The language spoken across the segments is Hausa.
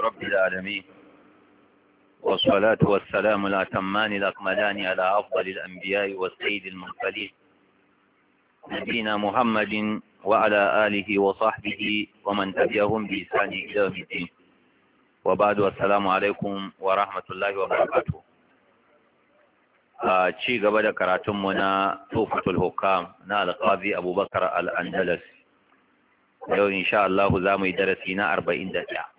رب العالمين والصلاة والسلام الأتمان الأكملان على أفضل الأنبياء والسيد المرسلين نبينا محمد وعلى آله وصحبه ومن تبعهم بإحسان إلى يوم الدين وبعد والسلام عليكم ورحمة الله وبركاته a ci gaba da karatunmu na tufatul hukam na alƙazi abubakar al'andalas yau insha Allah za mu yi darasi na arba'in da ɗaya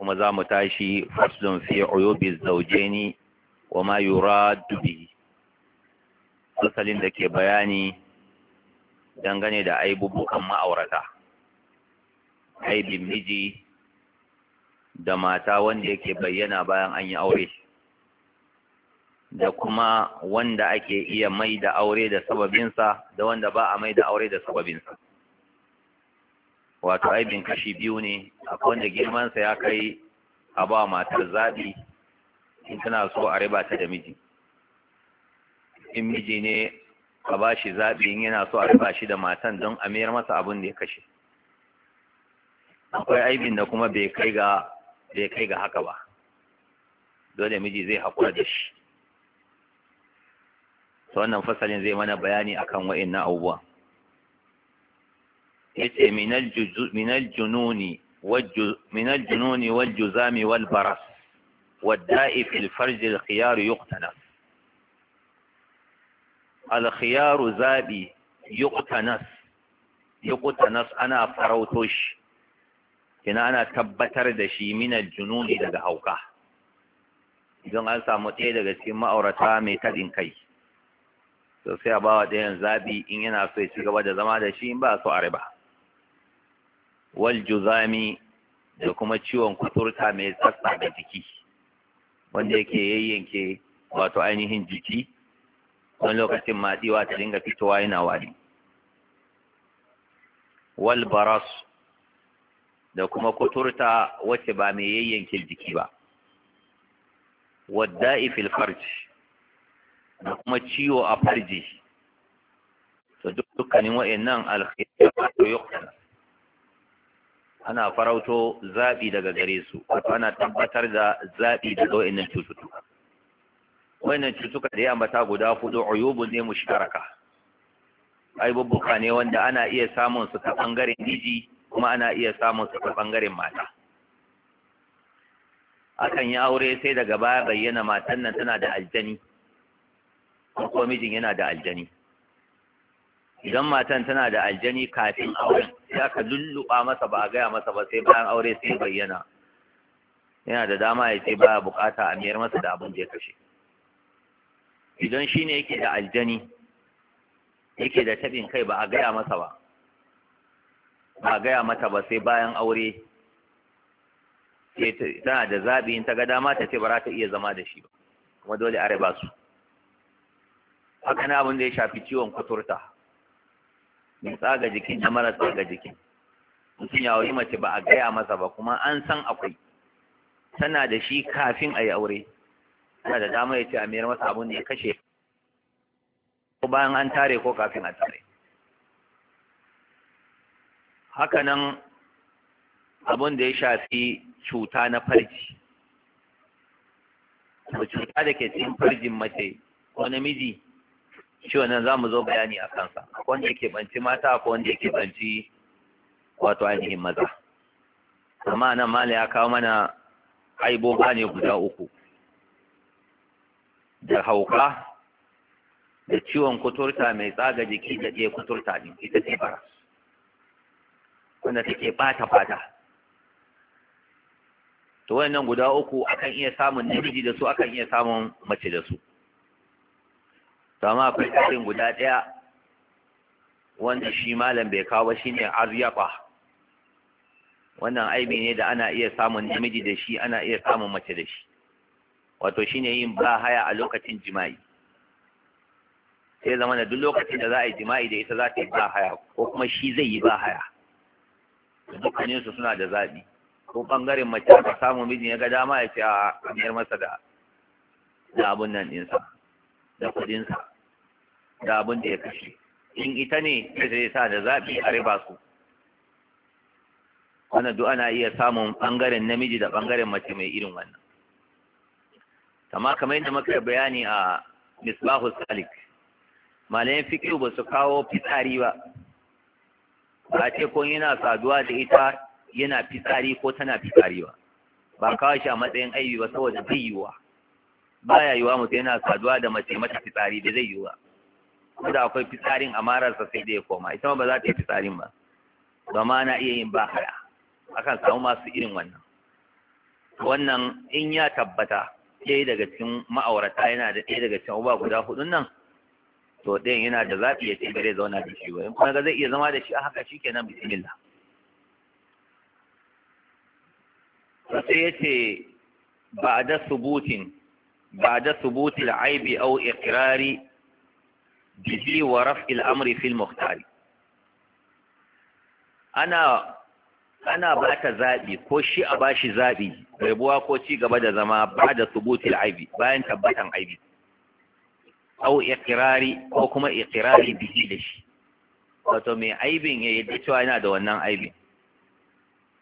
kuma za mu tashi faslun fi uyubi zawjaini wa ma yuradu bihi asalin da ke bayani dangane da aibubukan ma'aurata aibin miji da mata wanda yake bayyana bayan an yi aure da kuma wanda ake iya mai da aure da sababinsa da wanda ba a mai da aure da sababinsa wato aibin kashi biyu ne akwai wanda girmansa ya kai a ba matar zaɓi in tana so a riba ta da miji in miji ne a ba shi zaɓi in yana so a riba shi da matan don a mayar masa abin da ya kashe akwai aibin da kuma bai kai ga kai ga haka ba dole miji zai haƙura da shi Ta wannan fasalin zai mana bayani akan wa'in na abubuwan yace minal juzu minal jununi wajju minal jununi wal juzami والداء في الفرج الخيار يقتنف الخيار زابي يقتنس يقتنس أنا tabbatar da shi minar jununi daga hauka idan an samu ɗaya daga cikin ma'aurata mai taɗin kai to sai a ba wa ɗayan zabi in yana so ya ci gaba da zama da shi in ba so a riba wal juzami da kuma ciwon kuturta mai tsatsa da jiki wanda yake yayyanke wato ainihin jiki wani lokacin matsiwa ta dinga fitowa yana wari wal baras da kuma kuturta wacce ba mai yayyanke jiki ba wadda'i fil da kuma ciwo a farji to dukkanin wa'annan alkhairu yuqtana ana farauto zaɓi daga gare su wato ana tabbatar da zaɓi daga wa'annan cututtuka wa'annan cututtuka da ya mata guda hudu uyubun ne mushtaraka aibubbuka ne wanda ana iya samun su ta bangaren miji kuma ana iya samun su ta bangaren mata akan yi aure sai daga baya bayyana matan nan tana da aljani ko mijin yana da aljani idan matan tana da aljani kafin auren ya ka lulluɓa masa ba a gaya masa ba sai bayan aure sai bayyana yana da dama ya ce baya bukata a miyar masa da abin da ya kashe idan shi ne yake da aljani yake da taɓin kai ba a gaya masa ba ba a gaya mata ba sai bayan aure tana da zaɓi in ta ga dama ta ce ba za ta iya zama da shi ba kuma dole a raba su haka na abin da ya shafi ciwon kuturta mai tsaga jikin na mara tsaga jikin mutum ya auri mace ba a gaya masa ba kuma an san akwai tana da shi kafin a yi aure tana da dama ya ce a mayar masa abun da ya kashe ko bayan an tare ko kafin a tare hakanan abun da ya shafi cuta na farji cuta da ke cikin farjin mace ko namiji shi wannan za mu zo bayani a kansa akwai wanda yake banci mata akwai wanda yake banci wato ainihin maza amma nan mala ya kawo mana aiboba ne guda uku da hauka da ciwon kuturta mai tsaga jiki da ɗaya kuturta ne ita ce bara wanda take ɓata fata to wannan guda uku akan iya samun namiji da su akan iya samun mace da su to amma akwai ƙarin guda ɗaya wanda shi malam bai kawo ba ne aryaba wannan aibi ne da ana iya samun namiji da shi ana iya samun mace da shi wato shine yin ba haya a lokacin jima'i sai zama da duk lokacin da za a yi jima'i da ita za ta yi ba haya ko kuma shi zai yi ba haya dukkaninsu suna da zaɓi ko ɓangaren mace aka samu mijin ya ga dama ya ce a amiyar masa da abun nan ɗinsa da kuɗinsa da abin da ya kashe in ita ne zai sa da zaɓi a riba su wannan duk ana iya samun ɓangaren namiji da ɓangaren mace mai irin wannan amma kamar yadda muka bayani a misbahu salik malayan fikiru ba su kawo fitsari ba ba ce ko yana saduwa da ita yana fitsari ko tana fitsari ba ba kawo shi a matsayin aibi ba saboda zai yiwuwa ba ya yiwuwa mutum yana saduwa da mace mata fitsari da zai yiwuwa ko da akwai fitsarin a mararsa sai da ya koma ita ma ba za ta yi fitsarin ba ba na iya yin haya akan samu masu irin wannan wannan in ya tabbata yi daga cikin ma'aurata yana da ɗaya daga cikin uba guda hudun nan to ɗaya yana da zaɓi ya ce bare zauna da shi ba in kuma zai iya zama da shi a haka shi kenan bismillah sai ya ce ba da subutin ba da subutil aibi au ikrari bihi wa raf'il amri fil ana ana zaɓi ko shi a ba shi zaɓi rabuwa ko ci gaba da zama ba da subutul aibi bayan tabbatan aibi au iqrari ko kuma iqrari bihi da shi wato mai aibin ya yi cewa yana da wannan aibi,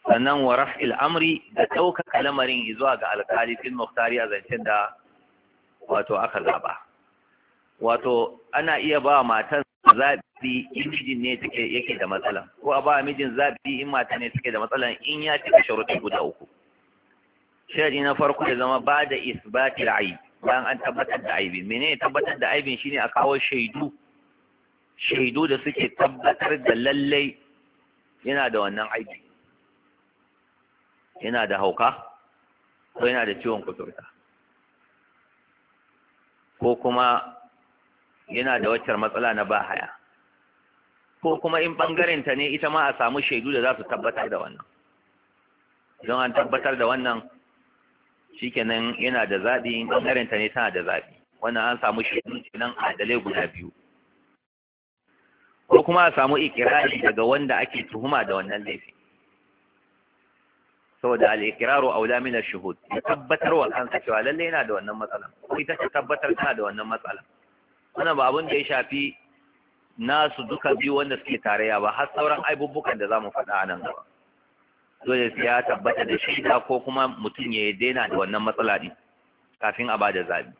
sannan wa il'amri amri da ɗaukaka lamarin zuwa ga alkali fil muhtari a zancen da wato aka zaɓa. wato ana iya ba matan zabi in ne take yake da matsala ko a ba mijin zabi in mata ne take da matsala in ya cika sharuɗi guda uku sharadi na farko ya zama ba da isbati ra'ayi bayan an tabbatar da aibin menene tabbatar da aibin shine a kawo shaidu shaidu da suke tabbatar da lallai yana da wannan aiki yana da hauka ko yana da ciwon kuturta ko kuma yana da waccar matsala na ba haya ko kuma in bangaren ta ne ita ma a samu shaidu da za su tabbatar da wannan don an tabbatar da wannan shikenan yana da zaɓi in bangaren ta ne tana da zaɓi wannan an samu shaidu kenan adalai guda biyu ko kuma a samu ikirari daga wanda ake tuhuma da wannan laifin saboda al a aula min ash-shuhud tabbatar wa kansa cewa lalle yana da wannan matsala ko ita ta tabbatar tana da wannan matsala wannan ba abin da ya shafi nasu duka biyu wanda suke tarayya ba har sauran aibubukan da zamu faɗa a nan gaba dole sai ya tabbata da shaida ko kuma mutum ya daina da wannan matsala din kafin a bada zabi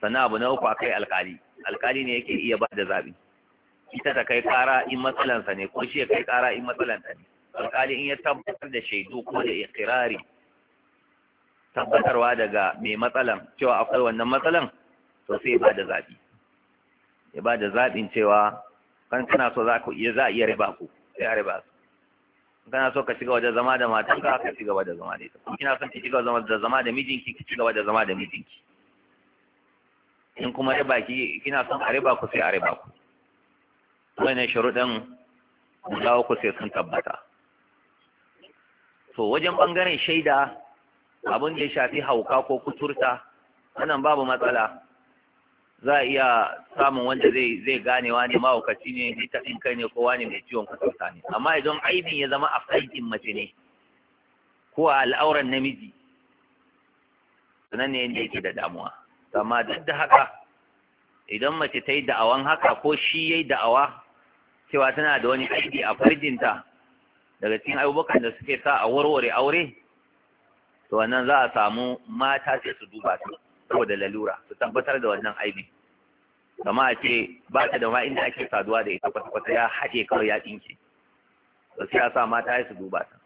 sannan abu na uku akai alkali alkali ne yake iya bada zabi ita ta kai kara in matsalansa ne ko shi ya kai kara in matsalanta ne alkali in ya tabbatar da shaidu ko da ikirari tabbatarwa daga mai matsalan cewa akwai wannan matsalan to sai ba zabi ya ba da zaɓin cewa kan kana so za ku iya za iya riba ku sai a riba su kana so ka shiga wajen zama da matanka ka shiga wajen zama da ita kuma kina son ki shiga da zama da mijinki ki shiga wajen zama da mijinki in kuma riba ki kina son a riba ku sai a riba ku wannan sharuɗin dawo ku sai sun tabbata to wajen ɓangaren shaida abin da ya shafi hauka ko kuturta wannan babu matsala za a iya samun wanda zai zai ganewa ne mahaukaci ne mai taɗin kai ne kowa ne mai ciwon kusurta ne amma idan aibin ya zama a faikin mace ne ko a al'auran namiji sanan ne yadda yake da damuwa amma duk da haka idan mace ta yi da'awan haka ko shi ya yi da'awa cewa tana da wani aiki a farjinta daga cikin abubakar da suke sa a warware aure to wannan za a samu mata sai su duba su saboda lalura su tabbatar da wannan aibi kama a ce ba ta da ma'in inda ake saduwa da ita kwata-kwata ya haɗe kawai ya ɗinke da sai a sa mata su duba ta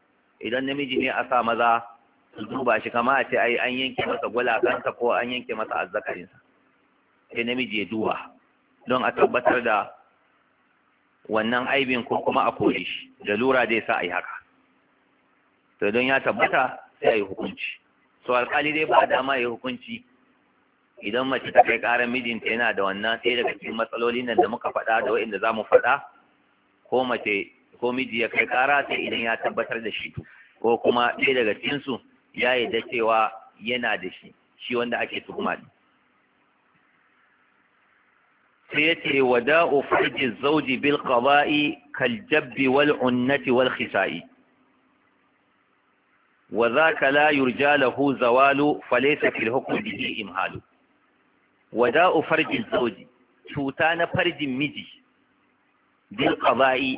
idan namiji ne a sa maza su duba shi kama a ce an yanke masa gwalakansa ko an yanke masa azzakarinsa sai namiji ya duba don a tabbatar da wannan aibin ko kuma a kori shi da lura dai sa a yi haka to don ya tabbata sai a yi hukunci so alkali dai ba dama ya yi hukunci idan mace ta kai ƙarar mijinta yana da wannan sai daga cikin matsalolin nan da muka faɗa da waɗanda za mu faɗa ko mace ko miji ya kai ƙara sai idan ya tabbatar da shi ko kuma ɗaya daga cikinsu ya yi da cewa yana da shi shi wanda ake tuhuma ɗin sai ya ce wa da'u farji zauji bil qada'i kal jabbi wal unnati wal khisa'i وذاك لا zawalu له zawalu falaysa fil hukmi به wada'u farjin zauji cuta na farjin miji bil qada'i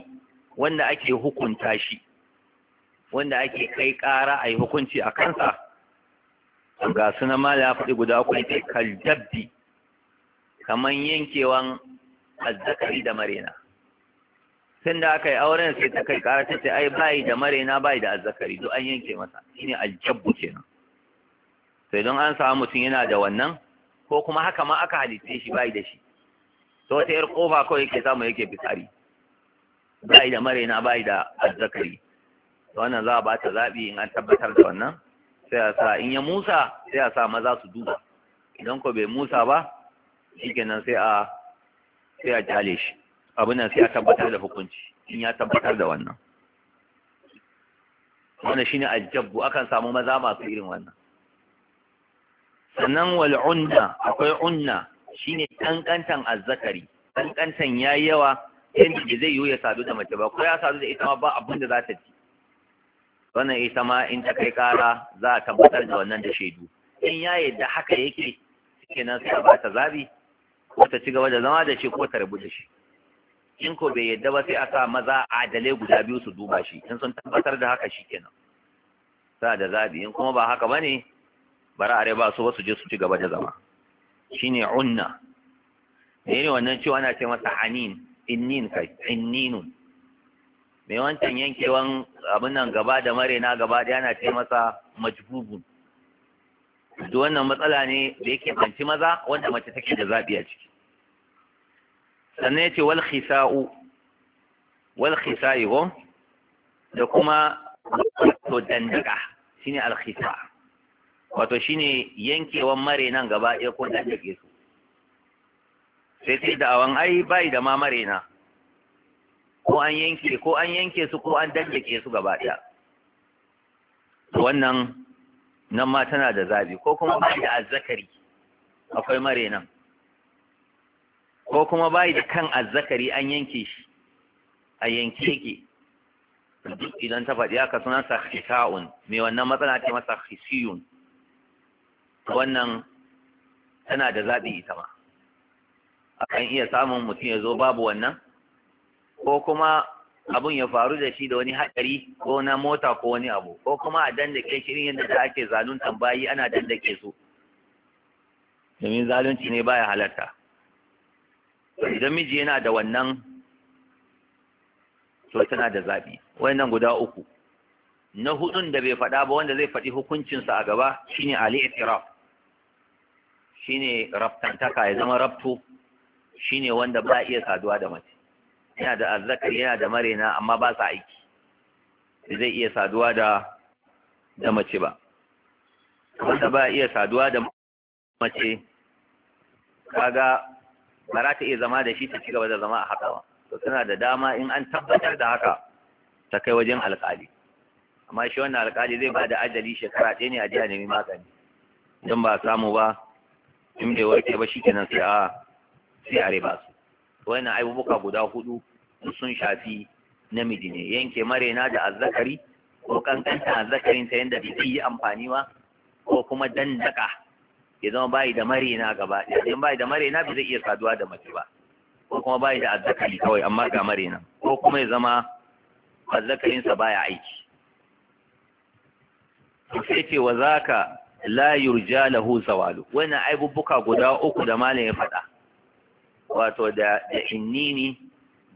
wanda ake hukunta shi wanda ake kai ƙara a yi hukunci a kansa ga suna mala ya faɗi guda uku ne kaljabdi kamar yankewan azzakari da marena tun da aka yi auren sai ta kai ƙara ta ce ai bayi da marena bayi da azzakari duk an yanke masa shine aljabbu kenan sai don an samu mutum yana da wannan ko kuma haka ma aka halitte shi bai da shi to wata yar kofa kawai yake samu yake fitsari bai da marena bai da azzakari to wannan za a ba ta zaɓi in an tabbatar da wannan sai a sa in ya musa sai a sa maza su duba idan ko bai musa ba shikenan sai a sai a jale shi abin nan sai a tabbatar da hukunci in ya tabbatar da wannan wannan shine ajabbu akan samu maza masu irin wannan sannan wal unna akwai unna shine kankantan azzakari kankantan yayi yawa yanda da zai yiwu ya sadu da mace ba ko ya sadu da ita ma ba abin da za ta ci wannan ita ma in ta kai kara za a tabbatar da wannan da shaidu in ya yadda haka yake nan sai ba ta zabi ko ta ci gaba da zama da shi ko ta rabu da shi in ko bai yadda ba sai a sa maza adalai guda biyu su duba shi in sun tabbatar da haka shi kenan sa da zabi in kuma ba haka bane bara are ba su ba su je su ci gaba da zama shine unna ne wannan ciwo ana ce masa hanin innin kai inninun mai wancan yankewan abin nan gaba da mare na gaba da yana ce masa majbubun duk wannan matsala ne da yake tsanci maza wanda mace take da zaɓi a ciki sannan ya ce wal khisa'u wal khisa'i da kuma to dandaka shine al wato shine yankewan mare nan gaba ɗaya ko da ke su sai sai da awan ai bai da ma mare na ko an yanke ko an yanke su ko an ke su gaba ɗaya wannan nan ma tana da zabi ko kuma bai da azzakari akwai mare nan ko kuma bai da kan azzakari an yanke shi a yanke yake duk idan ta faɗi aka sunan hisa'un mai wannan matsala ce masa hisiyun wannan tana da zaɓi ita ma akan iya samun mutum ya zo babu wannan ko kuma abun ya faru da shi da wani haɗari ko na mota ko wani abu ko kuma a dandake shirin yadda da ake zalun tambayi ana dandake su domin zalunci ne baya halarta idan miji yana da wannan to tana da zaɓi wannan guda uku na hudun da bai faɗa ba wanda zai faɗi hukuncinsa a gaba shine ali itiraf shine raftantaka ya zama rafto shine wanda ba iya saduwa da mace yana da azzakari yana da marena amma ba sa aiki zai iya saduwa da da mace ba wanda ba iya saduwa da mace kaga ba za ta iya zama da shi ta ci gaba da zama a haka ba to tana da dama in an tabbatar da haka ta kai wajen alkali amma shi wannan alkali zai ba da ajali shekara ɗaya ne a jiya nemi magani don ba samu ba in bai warke ba shi kenan sai a sai a riba su wannan abubuwa guda hudu sun shafi namiji ne yanke marena da azzakari ko kankanta azzakarin ta yanda bai yi amfani ba ko kuma dandaka ya zama bayi da marena gaba ɗaya idan bayi da marena bai zai iya saduwa da mace ba ko kuma bayi da azzakari kawai amma ga marena ko kuma ya zama azzakarin sa baya aiki sai ce wa zaka la yurja lahu zawalu wannan aibubuka guda uku da malam ya faɗa wato da da innini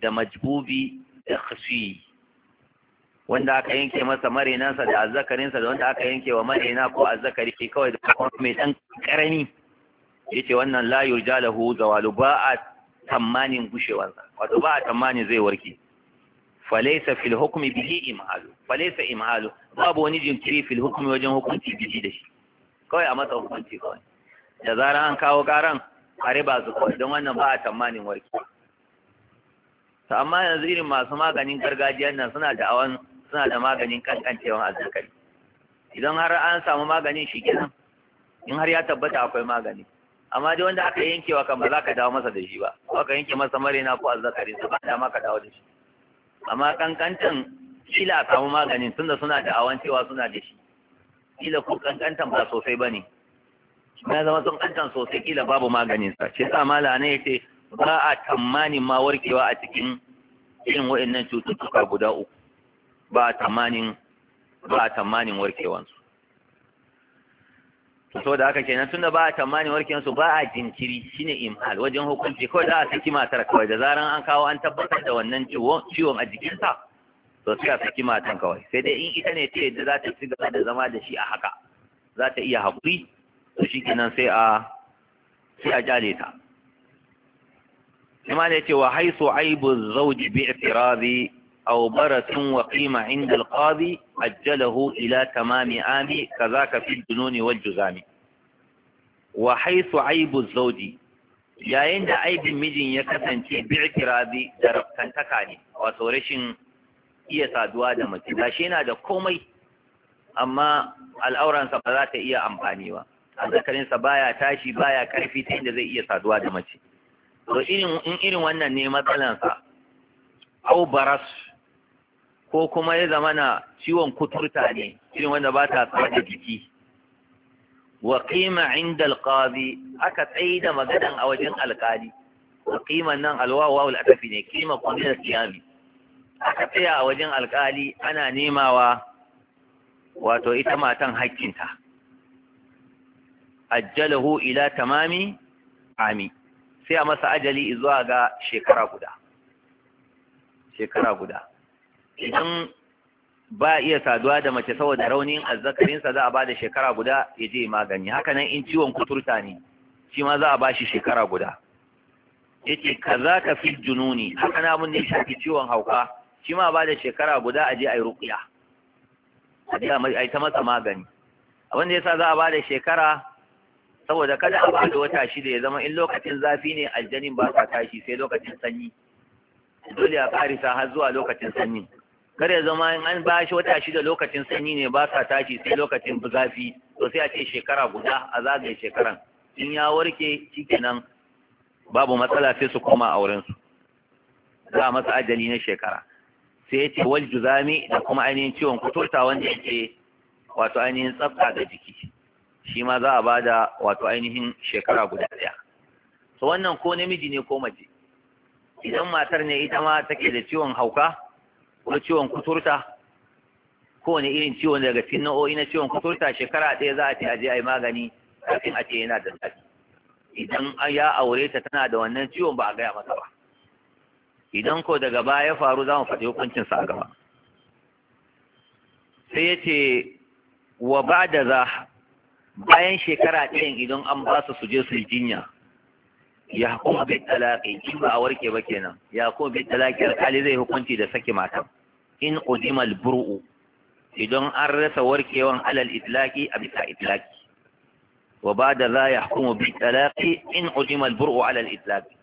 da majbubi da khasi wanda aka yanke masa marinansa da azzakarinsa da wanda aka yanke wa marina ko azzakari ke kawai da kuma mai dan karami yace wannan la yurja lahu zawalu ba a tamanin sa wato ba a tamanin zai warke falaysa fil hukmi bihi imhalu falaysa imhalu babu wani jinkiri fil hukmi wajen hukunci bihi da shi kawai a masa hukunci kawai da zarar an kawo karan a riba su kawai don wannan ba a tammanin warki to amma yanzu irin masu maganin gargajiyar nan suna da awan suna da maganin kankancewan azzakari idan har an samu maganin shi kenan in har ya tabbata akwai magani amma dai wanda aka yankewa kan ba za ka dawo masa da shi ba ko aka yanke masa marina ko azzakari ba ma ka dawo da shi amma kankantan kila a samu maganin tunda suna da awan cewa suna da shi kila ko kankantan ba sosai ba ne ya zama sun kantan sosai kila babu maganinsa shi sa mala ya ce ba a tamanin ma warkewa a cikin irin waɗannan cututtuka guda uku ba a tamanin ba a tamanin warkewansu to da haka kenan tunda ba a tamanin warkewansu ba a jinkiri shine imhal wajen hukunci ko da a saki matar kawai da zaran an kawo an tabbatar da wannan ciwon a jikinsa to sai a saki matan kawai sai dai in ita ne ta yadda za ta ci gaba da zama da shi a haka za ta iya haƙuri to shi kenan sai a sai a jale ta kuma ne cewa haisu aibu zauji bi ifirazi aw baratun wa qima inda alqadi ajjalahu ila tamami ami kazaka fi dununi wal juzami wa haisu aibu zauji yayin da aibin mijin ya kasance bi ifirazi da rabtantaka ne wato rashin iya saduwa da mace shi yana da komai amma al'auransa ba za ta iya amfani ba azzakarinsa baya tashi baya karfi ta inda zai iya saduwa da mace to irin in irin wannan ne matsalansa au baras ko kuma ya zama na ciwon kuturta ne irin wanda ba ta da jiki wa qima inda alqadi aka tsaida maganan a wajen alkali wa qiman nan alwawa wal atafi ne qima kuma da siyami aka tsaya a wajen alkali ana nemawa wato ita matan hakkinta ajjalahu ila tamami ami sai a masa ajali zuwa ga shekara guda shekara guda idan ba iya saduwa da mace saboda raunin azzakarinsa za a ba da shekara guda ya je magani hakanan in ciwon kuturta ne shi ma za a ba shi shekara guda ka za ka fi jununi haka namun ne shafi ciwon hauka shi ma ba da shekara guda a je a yi ruƙiya a je a yi ta masa magani abin da sa za a ba da shekara saboda kada a ba da wata shida ya zama in lokacin zafi ne aljanin ba sa tashi sai lokacin sanyi dole a karisa har zuwa lokacin sanyi kada ya zama in an ba shi wata shida lokacin sanyi ne ba sa tashi sai lokacin zafi to sai a ce shekara guda a zagaye shekaran in ya warke shikenan babu matsala sai su koma a wurinsu za a masa ajali na shekara sai ya ce wal juzami da kuma ainihin ciwon kuturta wanda ya ce wato ainihin tsafta ga jiki shi ma za a ba da wato ainihin shekara guda ɗaya to wannan ko namiji ne ko mace idan matar ne ita ma take da ciwon hauka ko ciwon kuturta ko wani irin ciwon daga cikin nau'o'i na ciwon kuturta shekara ɗaya za a ce a je a yi magani kafin a ce yana da zafi idan ya aure ta tana da wannan ciwon ba a gaya masa ba idan ko daga baya ya faru za mu faɗi hukuncin sa a gaba sai ya ce wa ba da za bayan shekara ɗaya idan an ba su su je su yi jinya ya kuma bi talaƙi in ba a warke ba kenan ya kuma bi talaƙi alƙali zai hukunci da saki matan in udimal bur'u idan an rasa warkewan alal itlaqi a bisa itlaqi wa ba da za ya kuma bi talaƙi in udimal bur'u alal itlaqi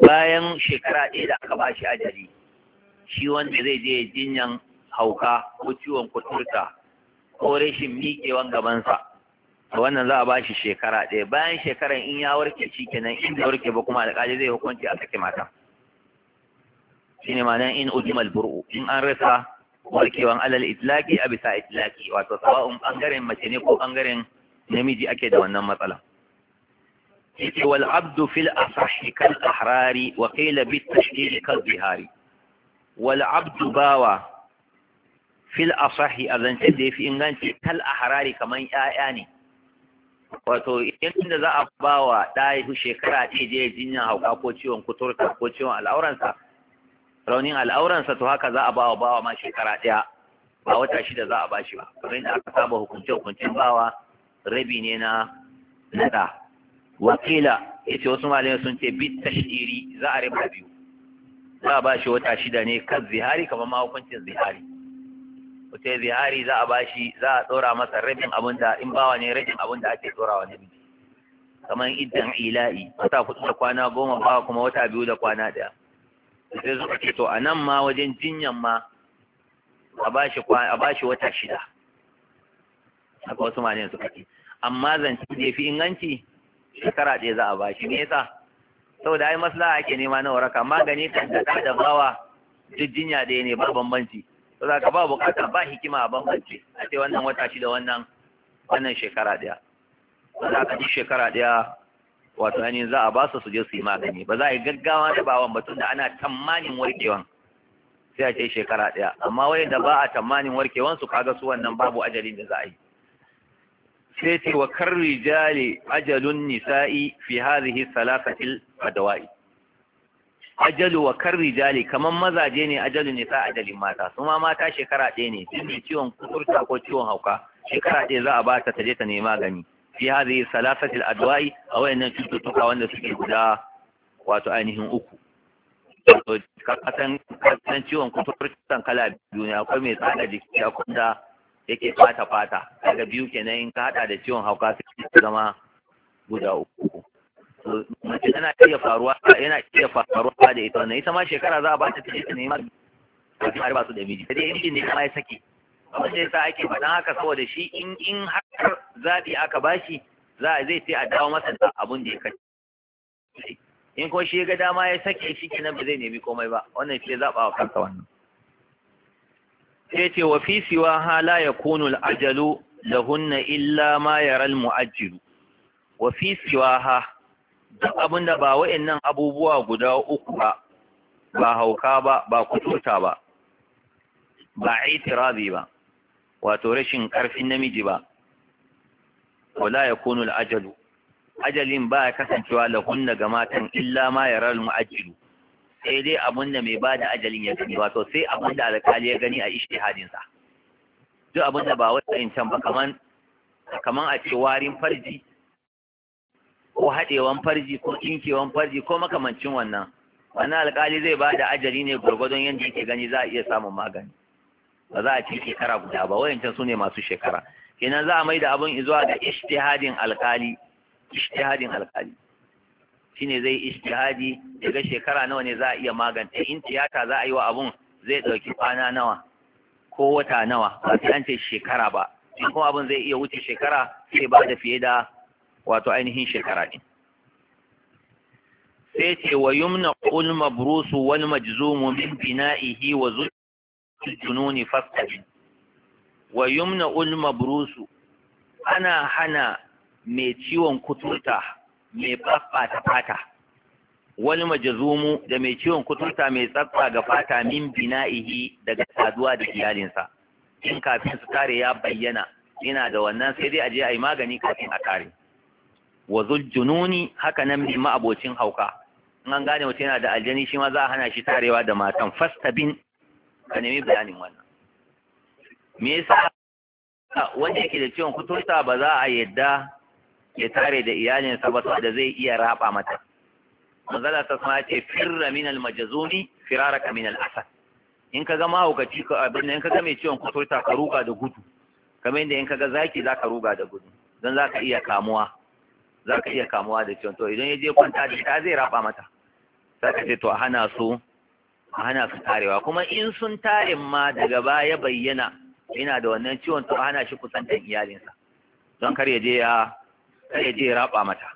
bayan shekara ɗaya da aka bashi ajali shi wanda zai je jinyan hauka ko ciwon kuturta ko rashin miƙewan gabansa wannan za a bashi shekara ɗaya bayan shekaran in ya warke shi kenan in ya warke ba kuma alƙali zai hukunci a sake matan ne ma in ujimal bur'u in an rasa warkewan alal itlaki a bisa itlaki wato sawa'un ɓangaren mace ne ko ɓangaren namiji ake da wannan matsalan yake wal abdu fil asahi kal ahrari wa qila bit tashdid kal bihari wal abdu bawa fil asahi a zancen da yafi inganci kal ahrari kaman 'ya'ya ne wato inda za a ba wa ɗaya shekara ce ya jinyar hauka ko ciwon kuturka ko ciwon al'auransa raunin al'auransa to haka za a ba wa bawa ma shekara ɗaya ba wata shida za a ba shi ba kamar yadda aka saba hukuncin-hukuncin bawa rabi ne na nada wakila ya ce wasu malamai sun ce bit tashiri za a da biyu za a ba shi wata shida ne kan zihari kamar ma hukuncin zihari wata zihari za a ba shi za a tsora masa rabin abin da in bawa ne rabin abin da ake tsora wa nabi kamar idan ila'i wata kudu da kwana goma ba kuma wata biyu da kwana daya sai suka ce to a nan ma wajen jinyan ma a ba shi wata shida haka wasu malamai suka ce amma zance da ya fi inganci shekara ɗaya za a ba shi me yasa saboda ai maslaha ake nema na waraka magani kan da da bawa duk jinya ɗaya ne ba bambanci to za ka ba bukata ba hikima a bambanci a ce wannan wata da wannan wannan shekara ɗaya ba za ka ji shekara ɗaya wato ne za a ba su su je su yi magani ba za a yi gaggawa da bawan batun da ana tamanin warkewan sai a ce shekara ɗaya amma wani da ba a tamanin warkewan su kaga su wannan babu ajalin da za a yi sai ce wa karri jali ajalun nisa'i fi hadhihi salasatil adawai ajalu wa karri jali kaman mazaje ne ajalun nisa ajalin mata su ma mata shekara ɗaya ne duk ne ciwon kuturta ko ciwon hauka shekara ɗaya za a ba ta taje ta nema gani fi hadhihi salasatil adwa’i a wayannan cututtuka wanda suke guda wato ainihin uku wato kasan ciwon kuturtan kala biyu ne akwai mai tsada jiki akwai da yake fata fata daga biyu kenan in ka hada da ciwon hauka sai ta zama guda uku mace tana iya faruwa yana iya faruwa da ita wannan ita ma shekara za a ba ta ta ta nema a ba su da miji sai dai miji ne kuma ya saki abin sai sa ake faɗan haka saboda shi in in har zaɓi aka bashi za a zai sai a dawo masa da abun da ya kashe in ko shi ga dama ya sake shi kenan ba zai nemi komai ba wannan shi ya zaɓa wa kansa wannan sai ce wa fi siwa hala ya kunu ajalu hunna illa ma yaral mu'ajjiru wa fi siwa ha duk abin da ba wa'annan abubuwa guda uku ba ba hauka ba ba kuturta ba ba itirazi ba wato rashin ƙarfin namiji ba wala ya kunu ajalu ajalin ba ya kasancewa lahunna ga matan illa ma yaral mu'ajjiru sai dai abin da mai bada ajalin ya gani wato sai abin da alƙali ya gani a hadinsa. duk abin da ba wata in can ba kaman kaman a ce warin farji ko haɗewan farji ko ɗinkewan farji ko makamancin wannan wannan alƙali zai ba da ajali ne gwargwadon yadda yake gani za a iya samun magani ba za a ci shekara guda ba wayancan su ne masu shekara kenan za a mai da abin zuwa ga ishtihadin alƙali ishtihadin alƙali shine zai ijtihadi daga shekara nawa ne za a iya magance in tiyata za a yi wa abun zai ɗauki kwana nawa ko wata nawa ba sai an ce shekara ba in kuma abun zai iya wuce shekara sai ba da fiye da wato ainihin shekara ɗin sai ce wa yumna qul mabrusu wal majzumu min bina'ihi wa zujununi fastajin wa yumna ul mabrusu ana hana mai ciwon kuturta mai faffa ta fata wani majazumu da mai ciwon kuturta mai tsatsa ga fata min bina'ihi daga saduwa da iyalinsa in kafin su kare ya bayyana ina da wannan sai dai a je a yi magani kafin a kare wa zuljununi haka nan bi ma'abocin hauka in an gane mutum yana da aljani shi ma za a hana shi tarewa da matan fastabin ka nemi bayanin wannan me yasa wanda yake da ciwon kuturta ba za a yadda ya tare da iyalinsa ba da zai iya raba mata manzala ta sama ce firra min al majazumi firaraka min al asad in kaga mahaukaci ka abin in kaga mai ciwon ta ka ruga da gudu kamar yadda in kaga zaki zaka ruga da gudu dan zaka iya kamuwa zaka iya kamuwa da ciwon to idan ya je kwanta da ta zai raba mata Za ka ce to a hana su a hana su tarewa kuma in sun tarin ma daga baya bayyana yana da wannan ciwon to a hana shi kusantan iyalinsa don kar ya je ya kar ya je ya raba mata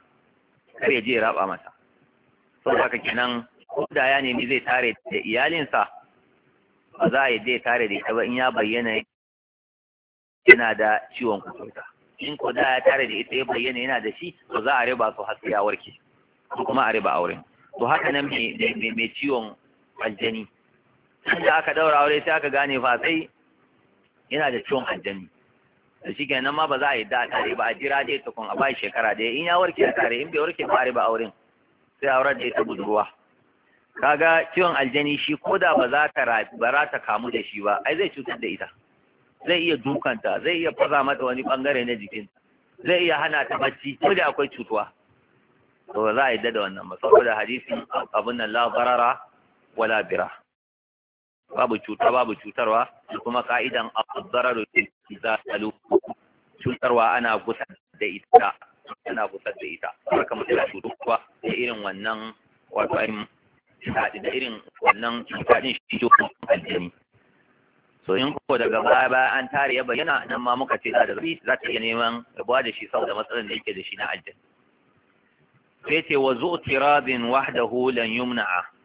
kar ya je ya raba mata saboda haka kenan ko da ya nemi zai tare da iyalinsa ba za a yi zai tare da ita ba in ya bayyana yana da ciwon kusurta in ko da ya tare da ita ya bayyana yana da shi to za a riba su haske ya warke ko kuma a riba auren to haka nan mai ciwon aljani da aka daura aure sai aka gane fa sai yana da ciwon aljani da shi kenan ma ba za a yi da tare ba a jira dai kun a bai shekara dai in ya warke a tare in bai warke ba a Sai auren sai da dai ta budurwa kaga ciwon aljani shi ko da ba za ta ba za ta kamu da shi ba ai zai cutar da ita zai iya dukanta zai iya faza mata wani bangare na jikin zai iya hana ta bacci ko da akwai cutuwa to za a yi da wannan ba saboda hadisi abun nan la barara wala bira babu cuta babu cutarwa da kuma ka'idan abdararu za salu cutarwa ana gusar da ita ana gusar da ita haka mutum da cutarwa da irin wannan wato ainihin cuta da irin wannan cuta din shi jo aljini so in ko daga baya baya an tare ya bayyana nan ma muka ce da rabi za ta iya neman rabuwa da shi saboda matsalar da yake da shi na aljini sai ce wa zu'tirabin wahdahu lan yumna'a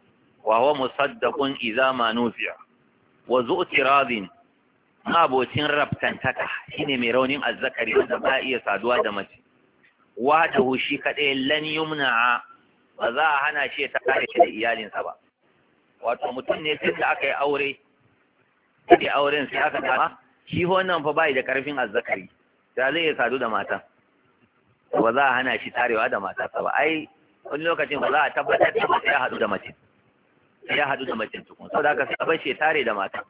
وهو مصدق إذا ما نوزع وذو اعتراض ما بوتين ربطان تكا شيني ميرونين الزكري وذا بائية سادوا دمتي وحده شي لن يمنع وذا هنا شي تكاري شي سبا wato mutum ne tun da aka yi aure sai auren sai aka dama shi wannan fa bai da karfin azzakari da zai sadu da mata ba za a hana shi tarewa da mata ai wani lokacin ba za a tabbatar da ya hadu da mace ya hadu da mace tukun saboda haka sai bar shi tare da mata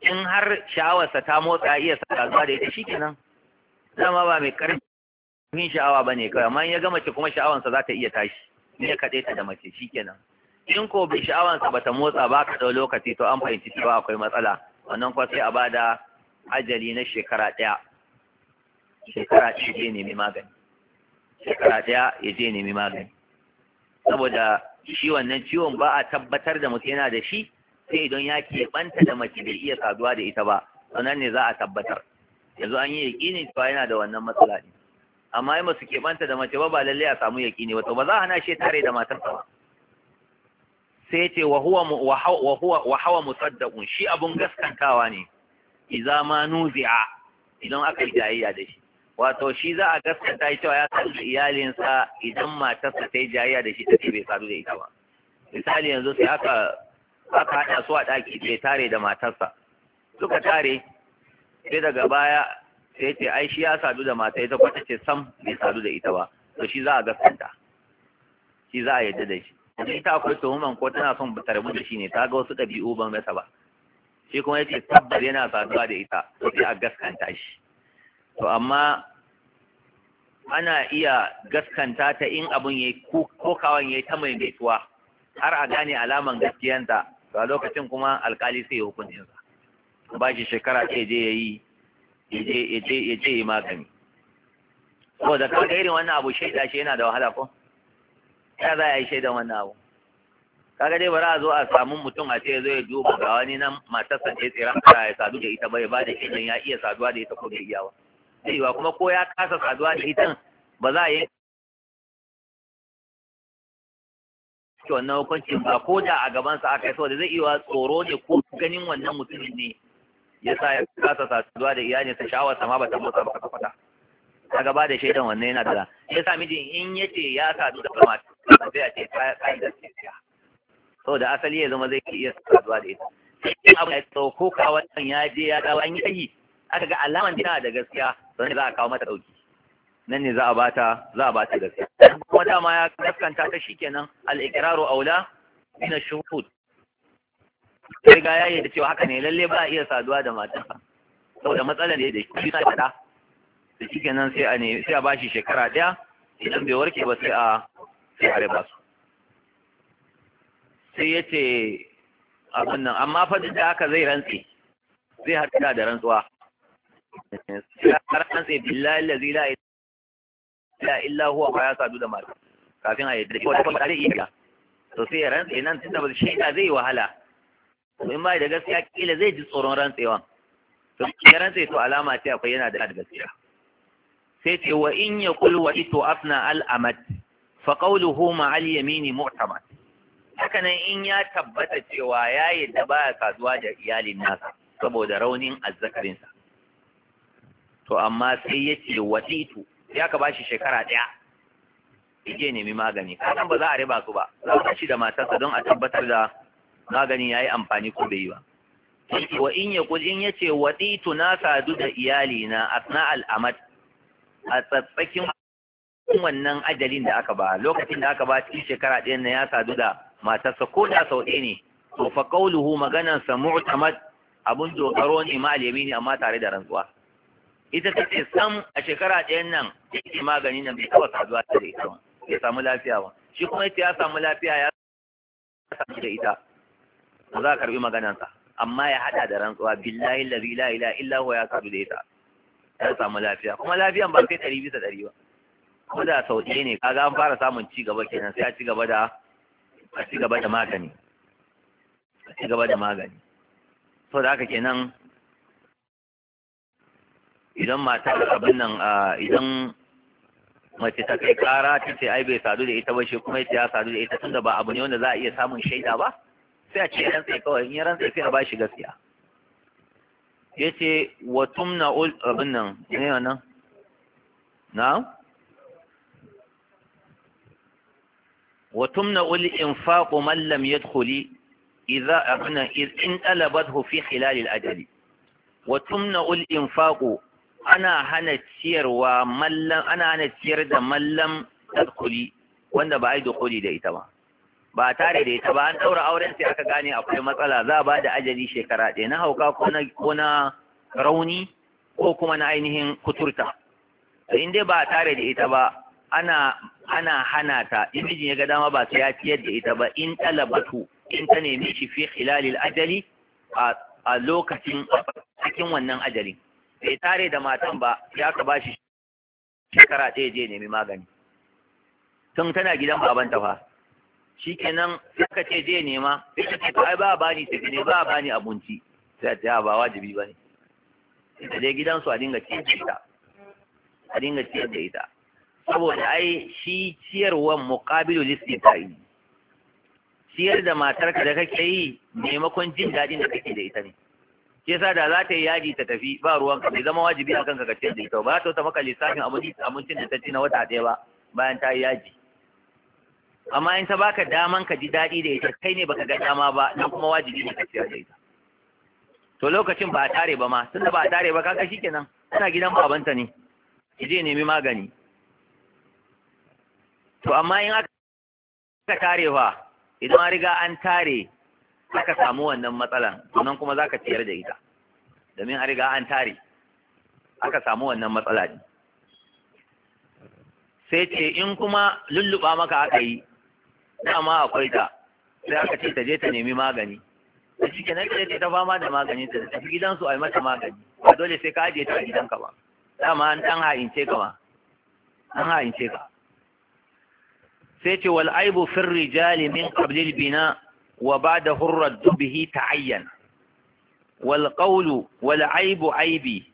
in har sha'awarsa ta motsa iya saka zuwa da ita shi shikenan dama ba mai karfin sha'awa bane kawai amma ya ga mace kuma sha'awarsa za ta iya tashi in ya kaɗe ta da mace shikenan in ko bi sha'awarsa ta motsa ba ka ɗau lokaci to an fahimci cewa akwai matsala wannan kuwa sai a ba da ajali na shekara ɗaya shekara ɗaya je nemi magani shekara ɗaya ya je nemi magani saboda shi wannan ciwon ba a tabbatar da mutum yana da shi sai idan ya banta da mace bai iya saduwa da ita ba sannan ne za a tabbatar yanzu an yi yaƙini cewa yana da wannan matsala ne amma masu ke keɓanta da mace ba ba lallai a samu yaƙini ba to ba za a hana shi tare da matarsa ba sai ce wa huwa wa hawa musaddaqun shi abun gaskantawa ne idza ma nuzi'a idan aka yi jayayya da shi wato shi za a gaskata cewa ya sadu iyalinsa idan matarsa ta yi jariya da shi ta ce bai sadu da ita ba misali yanzu sai aka aka haɗa su a ɗaki bai tare da matarsa suka tare sai daga baya sai ce ai shi ya sadu da mata ita kwata ce sam bai sadu da ita ba to shi za a gaskanta shi za a yadda da shi yanzu ita akwai tuhuman ko tana son ta rabu da shi ne ta ga wasu ɗabi'u ban masa ba shi kuma ce tabbar yana saduwa da ita to sai a gaskanta shi to amma ana iya gaskanta ta in abun ya ko kawan ya ta mai gaituwa har a gane alaman gaskiyanta to a lokacin kuma alkali sai ya sa ba shi shekara ce je ya yi ya je ya magani ko da ga irin wannan abu shaida shi yana da wahala ko ya za a yi shaidan wannan abu kaga dai bara a zo a samu mutum a ce zai zo ya duba ga wani nan matarsa ce tsiran ya sadu da ita ba ya ba da shaidan ya iya saduwa da ita ko bai iya ba cewa kuma ko ya kasa saduwa da ita ba za a yi wannan hukuncin ba ko da a gabansa aka yi saboda zai iya tsoro ne ko ganin wannan mutumin ne ya sa ya kasa saduwa da iyali ta sha'awar sama ba ta motsa ba kwata ta gaba da shaidan wannan yana da ya sa mijin in ya ce ya sadu da mata zai a ce yi da gaskiya saboda asali ya zama zai iya saduwa da ita sai abu ya tsawo ko ka wannan ya je ya dawo an yi aka ga alaman tana da gaskiya don za a kawo mata ɗauki nan ne za a bata za a bata gaskiya kuma dama ya gaskanta ta shikenan al-iqraru aula min ash-shuhud sai ga yayi da cewa haka ne lalle ba a iya saduwa da matarsa saboda matsalar da shi ta fada da kenan sai a ne sai a bashi shekara daya idan bai warke ba sai a sai a riba su sai yace abin nan amma fa duk da haka zai rantsi zai haɗa da rantsuwa har an sai billahi lazi la ila illa huwa fa ya sadu da mata kafin a yi da kowa kuma zai iya to sai ya rantse nan tunda ba shi da zai wahala to in ba da gaskiya kila zai ji tsoron rantsewan to ya rantse to alama ce akwai yana da gaskiya sai ce wa in yaqul wa itu afna al amad fa qawluhu ma al yamini mu'tamad haka nan in ya tabbata cewa ya yi da baya saduwa da iyalin nasa saboda raunin azzakarinsa to amma sai ya ce watitu ya ka bashi shekara ɗaya ya nemi magani kasan ba za a riba su ba za a shi da matarsa don a tabbatar da magani ya yi amfani ko bai yi ba wa in ya kul in yace watitu na sadu da iyali na asna al'amad a tsatsakin wannan ajalin da aka ba lokacin da aka ba cikin shekara ɗaya na ya sadu da matarsa ko da sau ɗaya ne to fa qawluhu maganan sa mu'tamad abun dogaro ne ma al amma tare da rantsuwa ita ta ce sam a shekara ɗayan nan yake magani nan bai taɓa saduwa da ita ya bai samu lafiya ba shi kuma ita ya samu lafiya ya samu da ita ba za a karɓi maganansa amma ya haɗa da rantsuwa billahi lazi la ila illa huwa ya sadu da ita ya samu lafiya kuma lafiyan ba kai ɗari bisa ɗari ba Kuma da sau ɗaya ne kaga an fara samun ci gaba kenan sai a ci gaba da a ci gaba da magani a ci gaba da magani sau da haka kenan idan mata abin nan idan mace ta kai kara ta ce ai bai sadu da ita ba shi kuma ya sadu da ita tunda ba abu ne wanda za a iya samun shaida ba sai a ce ran sai kawai in ran sai a bashi gaskiya ya ce wa tumna ul abin nan ne wannan na wa tumna ul infaqu man lam yadkhuli idza abna in talabathu fi khilal al ajali wa tumna ul infaqu ana hana ciyarwa mallam ana hana ciyar da mallam tadkuli wanda ba a yi dukuli da ita ba ba tare da ita ba an daura auren sai aka gane akwai matsala za ba da ajali shekara ɗaya na hauka ko na rauni ko kuma na ainihin kuturta in dai ba tare da ita ba ana ana hana ta in ya ga dama ba sai ya ciyar da ita ba in talabatu in ta nemi shi fi khilalil ajali a lokacin cikin wannan ajalin bai tare da matan ba ya ka bashi shekara ɗaya je nemi magani tun tana gidan ta fa shikenan aka ce je nema ita ce ai ba bani tafi ne ba bani abinci sai ta ah, ba wajibi bane ita dai su a dinga ciyar da ita a dinga ciyar da ita saboda ai shi ciyarwan muqabilu listinta'i ciyar da matarka da kake yi maimakon jin daɗin da kake da ita ne ke sa da za ta yi yaji ta tafi ba ruwan ka bai zama wajibi a kanka ka ce da ita ba za ta maka lissafin abincin da ta ci na wata ɗaya ba bayan ta yi yaji amma in ta baka daman ka ji daɗi da ita kai ne baka ga dama ba nan kuma wajibi ne ka ciyar da ita to lokacin ba a tare ba ma tunda ba a tare ba kaga shikenan Ina gidan babanta ne ki je nemi magani to amma in aka tare fa idan an riga an tare aka samu wannan matsalan sannan kuma za ka ciyar da ita domin a riga an tare aka samu wannan matsala ne sai ce in kuma lulluɓa maka aka yi dama akwai ta sai aka ce ta je ta nemi magani da shi kenan ta ta fama da magani ta da tafi gidansu a yi mata magani ba dole sai ka ajiye ta a gidanka ba dama an ɗan ha'ince ka ma an ha'ince ka sai ce wal aibu fir rijali min qablil bina wa ba da hurrar bihi ta'ayyan wal qawlu wal aibu aibi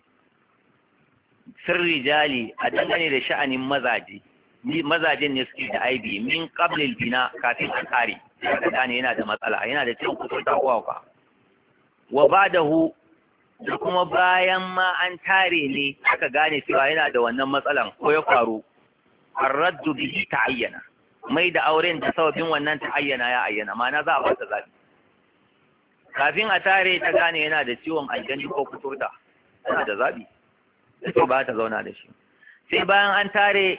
sirri jali a dangane da sha'anin mazaje mazajen ne suke da aibi min qablil bina kafin a kare kada ne yana da matsala yana da cin kusurta uwa wa badahu da kuma bayan ma an tare ne aka gane cewa yana da wannan matsalan ko ya faru arraddu bihi ta'ayyana mai da auren ta sababin wannan ta ayyana ya ayyana ma'ana za a ba ta zaɓi kafin a tare ta gane yana da ciwon aljani ko kuturta tana da zaɓi sai ba ta zauna da shi sai bayan an tare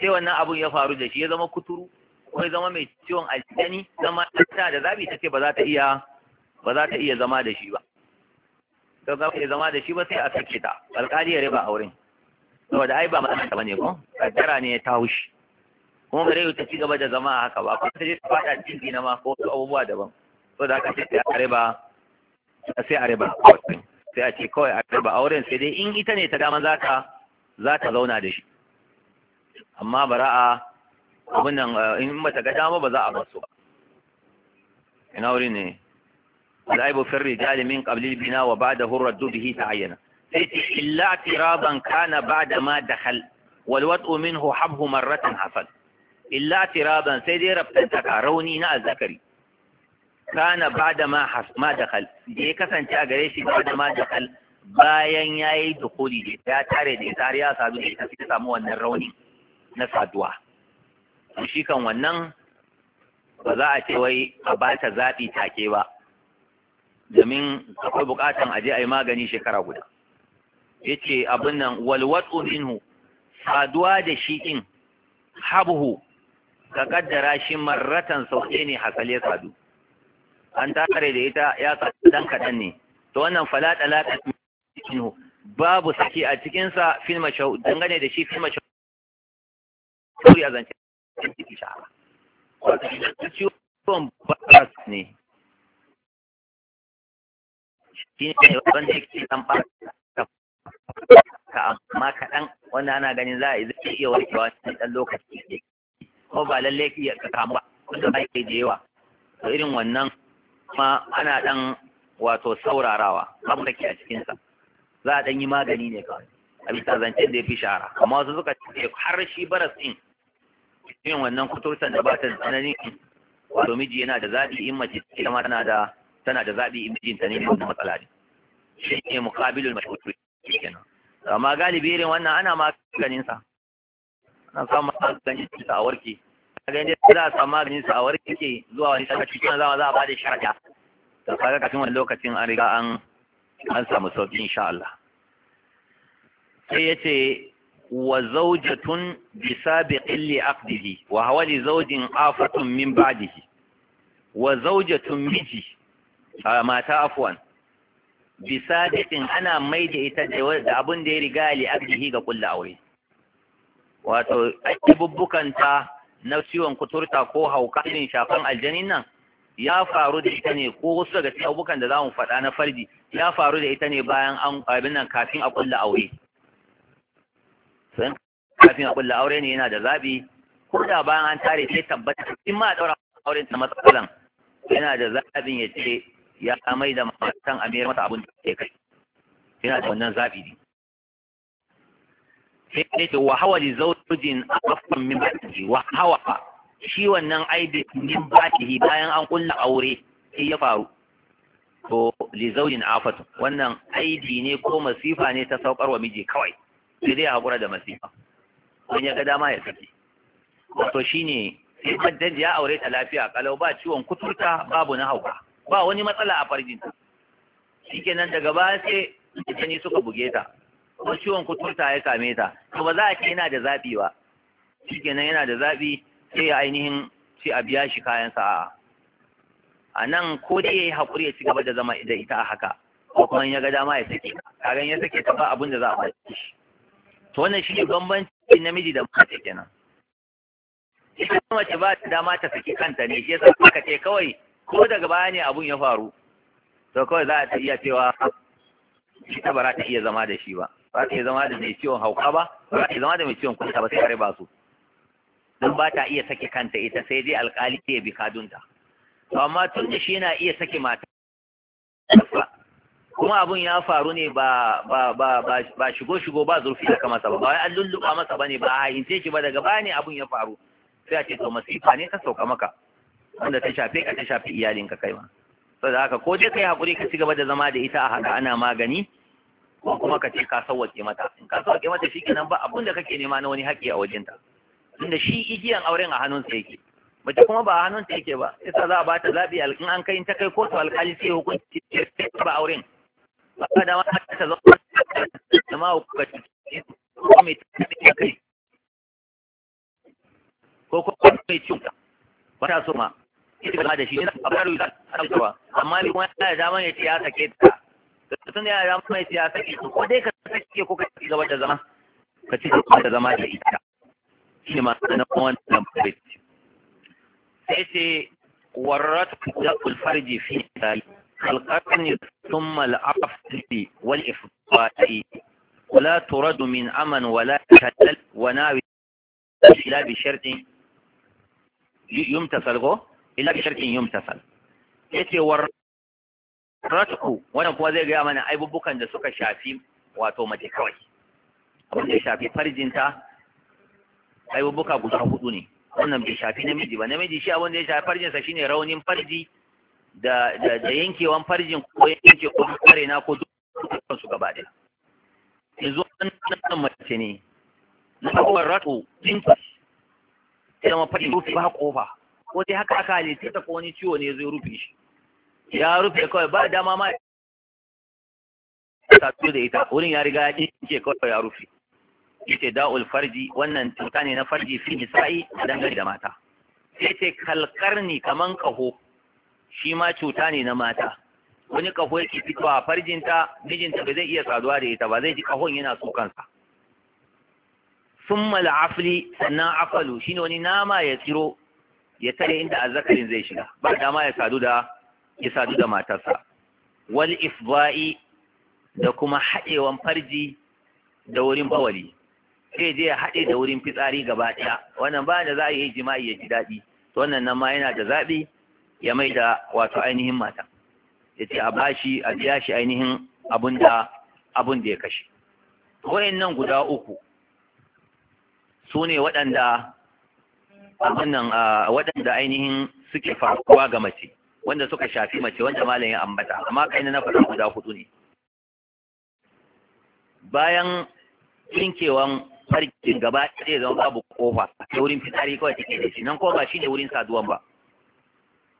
sai wannan abun ya faru da shi ya zama kuturu ko ya zama mai ciwon aljani zama tana da zaɓi ta ce ba za ta iya ba za ta iya zama da shi ba ta zama iya zama da shi ba sai a sake ta alƙali ya riba auren saboda ai ba matsala bane ko kaddara ne ta kuma gare ta ci gaba da zama a haka ba ko ta ta fada dindi na ma ko su abubuwa daban so da ka sai a riba sai a riba sai a ce kawai a riba auren sai dai in ita ne ta dama za ta za ta zauna da shi amma bara'a abin nan eh, in ta ga dama ba za a basu ba ina wuri ne da aibu firri jalimin kablil bina wa ba da hurra dubihi ta ayyana sai ce illa tiraban kana ba da ma dakhal wal wad'u minhu habhu marratan hasal illa tiraban sai dai rabtanta, ka rauni na azzakari kana bada da ma hasma da kal da ya kasance a gare shi ba da ma da kal bayan ya yi dukuli da ya tare da ya tare ya sadu da ita sai samu wannan rauni na saduwa to shi kan wannan ba za a ce wai a ba ta zaɓi take ba domin akwai buƙatan aje a yi magani shekara guda ya ce abin nan walwatsu minhu saduwa da shi in habhu ka kaddara shi marratan sauke ne ne hakale sadu an tare da ita ya sadu dan kaɗan ne to wannan fala talaka minhu babu saki a cikinsa fil mashahu dangane da shi fil mashahu sauri a zance shara wato ciwon ne shi ne wanda yake dan ka amma kaɗan wanda ana ganin za a iya warkewa cikin ɗan lokaci ko ba lalle ki ya kamu ba wanda ba ke jewa to irin wannan kuma ana dan wato saurarawa babu da ke a cikin sa za a dan yi magani ne kawai a bisa zance da ya fi shara. amma wasu suka ce har shi baras din irin wannan kuturtan da ba ta tsanani wato miji yana da zaɓi in mace ce kuma tana da tana da zaɓi in mijinta ne wannan matsala ne shi ne muqabilul mashhur kenan amma galibi irin wannan ana maganin sa an samu maganin sa a warke kaga inda za a samu maganin sa a warke ke zuwa wani lokaci kuma za a bada sharada to kaga kafin wani lokacin an riga an an samu sauki insha Allah sai yace wa zawjatun bi sabiqin li aqdihi wa hawali zawjin afatun min ba'dihi wa zawjatun miji mata afwan bi sadiqin ana maida ita da abun da ya riga li aqdihi ga kullu aure wato abubbukanta na ciwon kuturta ko hauka irin shafan aljanin nan ya faru da ita ne ko wasu daga cikin abubukan da za mu faɗa na farji ya faru da ita ne bayan an abin nan kafin a kulla aure kafin a kulla aure ne yana da zabi ko da bayan an tare sai tabbata in ma a daura aure ta matsalan yana da zabin ya ce ya mai da matan a mayar mata abin da ya kai yana da wannan zabi ne sai ya ce wa hawa li a afan min baki wa hawa shi wannan aidi min baki bayan an kulla aure sai ya faru to li zaujin afatu wannan aidi ne ko masifa ne ta saukar wa miji kawai sai dai hakura da masifa Wani ya ga dama ya saki wato shine sai baddan ya aure ta lafiya kalau ba ciwon kuturta babu na hauka ba wani matsala a farjinta shikenan daga baya sai suka buge ta ko ciwon kuturta ya same ta to ba za a ce yana da zaɓi ba shikenan yana da zaɓi sai ya ainihin ce a biya shi kayan sa'a a nan ko dai ya yi haƙuri ya ci gaba da zama da ita a haka ko kuma ya ga dama ya sake kagan ya sake ta ba abin da za a bari to wannan shi ne bambanci namiji da mace kenan ita mace ba ta dama ta saki kanta ne shi yasa aka ce kawai ko daga baya ne abun ya faru to kawai za a iya cewa shi ba za ta iya zama da shi ba ba ta zama da mai ciwon hauka ba ba ta zama da mai ciwon kunta ba sai kare ba su don ba ta iya sake kanta ita sai dai alkali ke bi kadunta to amma tun da shi yana iya sake mata kuma abun ya faru ne ba ba ba ba shigo shigo ba zurfi aka masa ba ba wai an lulluɓa masa bane ba a hince shi ba daga baya ne abun ya faru sai a ce to masifa ne ka sauka maka wanda ta shafe ka ta shafi iyalinka kai ma saboda haka ko dai kai hakuri ka ci gaba da zama da ita a haka ana magani ko kuma ka ce ka sauke mata in ka sauke mata shi kenan ba abin da kake nema na wani haƙƙi a wajenta tunda shi igiyan auren a hannunsa yake mace kuma ba a hannunta yake ba yasa za a ba ta zaɓi in an kai ta kai kotu alƙali sai hukunci ba auren ba ka da wani ta zama da ma hukunci ko mai tafiya kai ko ko mai cuta ba ta so ma ita ba da shi ne a faru da amma kuma ya da dama ya ce ya sake ta ka tun yara mai siya ke su ko dai ka sake ko ka ci gaba da zama ka ci gaba da zama da ita shi ma na wannan bait sai ce warrat da ulfarji fi sai القرن ثم العفو والإفضاء ولا ترد من أمن ولا تهتل وناوي إلا بشرط يمتصل إلا بشرط يمتصل يتي ورد rasku wannan kuma zai gaya mana aibubukan da suka shafi wato mace kawai abin da ya shafi farjinta aibubuka guda hudu ne wannan bai shafi namiji ba namiji shi abin da ya shafi farjinsa shine raunin farji da da, da yankewan farjin ko yanke ko kare na ko dukkan su gaba ɗaya yanzu wannan mace ne na kawai ratku tinkus sai zama farjin rufe ba kofa ko dai haka aka halitta ko wani ciwo ne zai rufe shi ya rufe kawai ba dama ma ta su da ita wurin ya riga ya ɗinke kawai ya rufe yace da'ul farji wannan cuta ne na farji fi nisa'i dangane da mata sai ce kalkarni kaman kaho shi ma cuta ne na mata wani kaho yake fitowa farjinta mijinta ba zai iya saduwa da ita ba zai ji kahon yana so kansa summa afli sannan afalu shine wani nama ya tsiro ya tare inda azzakarin zai shiga ba dama ya sadu da ya sadu da matarsa wal ifba'i da kuma haɗewan farji da wurin bawali sai je ya haɗe da wurin fitsari gaba ɗaya wannan ba da za a yi jima'i ya ji daɗi to wannan nan ma yana da zaɓi ya mai da wato ainihin mata ya ce a bashi a biya shi ainihin abun da abun da ya kashe nan guda uku su ne waɗanda waɗanda ainihin suke faruwa ga mace wanda suka shafi mace wanda malam ya ambata amma kai na faɗa guda hudu ne bayan tinkewan farkin gaba ɗaya zama babu kofa ta wurin fitsari kawai take da shi nan kuma ba shi ne wurin saduwan ba